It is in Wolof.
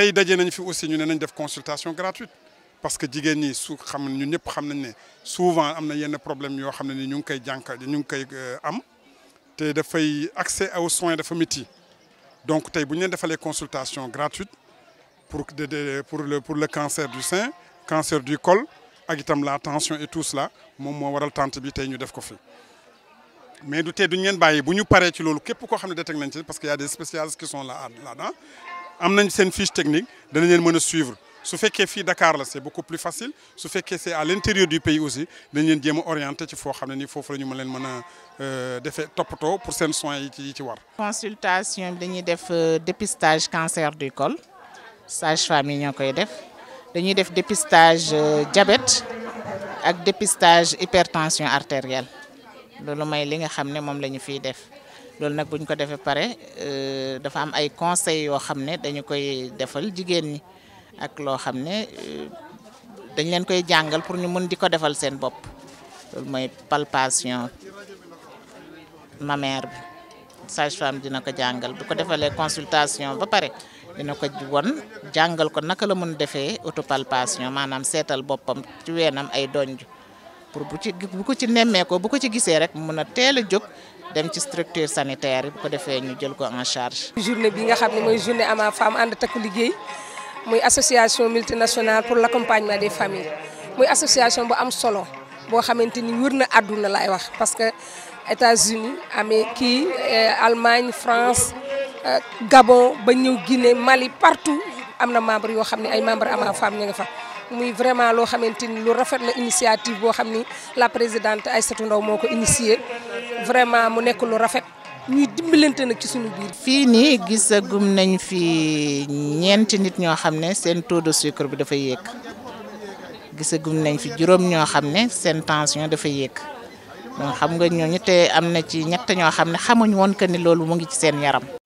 tay dajé nañ fi aussi ñu ne nañ def consultation gratuite parce que jigen ni su xam ñu ñep xam nañ souvent amna na yenn problème yo xam ne ni ñu ngi kay jank ñu ngi kay euh, am da fay accès aux soins fa métti donc tay buñu ñu leen defalee consultation gratuite pour pour le pour le cancer du sein cancer du col ak itam la tension et tout cela mom mo waral tante bi tay ñu def ko fi mais du té duñu leen bayyi buñu paré ci lolu képp ko xam ne nañ ci parce que y a des spécialistes qui sont là là-dedans am une seen fiche technique danañ leen mën suivre su fekkee à Dakar c'est beaucoup plus facile su fekkee c'est à l'intérieur du pays aussi dañ leen jéem a orienté ci foo xam ne faire foofu la leen euh, pour seen soins yi ci ci war. consultation bi dañuy def euh, dépistage cancer du col sage-femme yi ñoo koy def dañuy def dépistage euh, diabète ak dépistage hypertension artérielle C'est may li nga xam ne loolu nag buñ ko defee pare euh, dafa am ay conseils yoo xam ne dañu koy defal jigéen ñi ak loo xam ne euh, dañ leen koy jàngal pour ñu mën di ko defal seen bopp loolu mooy palpation mammaire bi sage-femme dina ko jàngal bu ko defalee consultation ba pare dina ko won jàngal ko naka la mën defee autopalpation maanaam seetal boppam ci weenam ay donj pour bu ci bu ko ci nemmeekoo bu ko ci gisee rek mun a teel a jóg dem ci structure sanitaire bu ko defee ñu jël ko en charge. journée bi nga xam ne mooy journée ama femme ànd takku liggéey muy association multinationale pour la accompagnement des famille muy association bu am solo boo xamante ni wër na adduna la ay wax parce que États-Unis amee kii euh, Allemagne France euh, Gabon ba ñëw Guinée Mali partout am na membre yoo xam ne ay membre ama femme ñu nga fa. muy vraiment loo xamante ni lu rafet la initiative boo xam ni la présidente Aïssatou Ndaw moo ko initié vraiment mu nekk lu rafet ñuy dimbalante nag ci suñu biir. fii nii gisagum nañ fi ñeenti nit ñoo xam ne seen taux de sucre bi dafa yéeg gisagum nañ fi juróom ñoo xam ne seen tension dafa yéeg donc xam nga ñooñu te am na ci ñett ñoo xam ne xamuñ woon que ni loolu mu ngi ci seen yaram.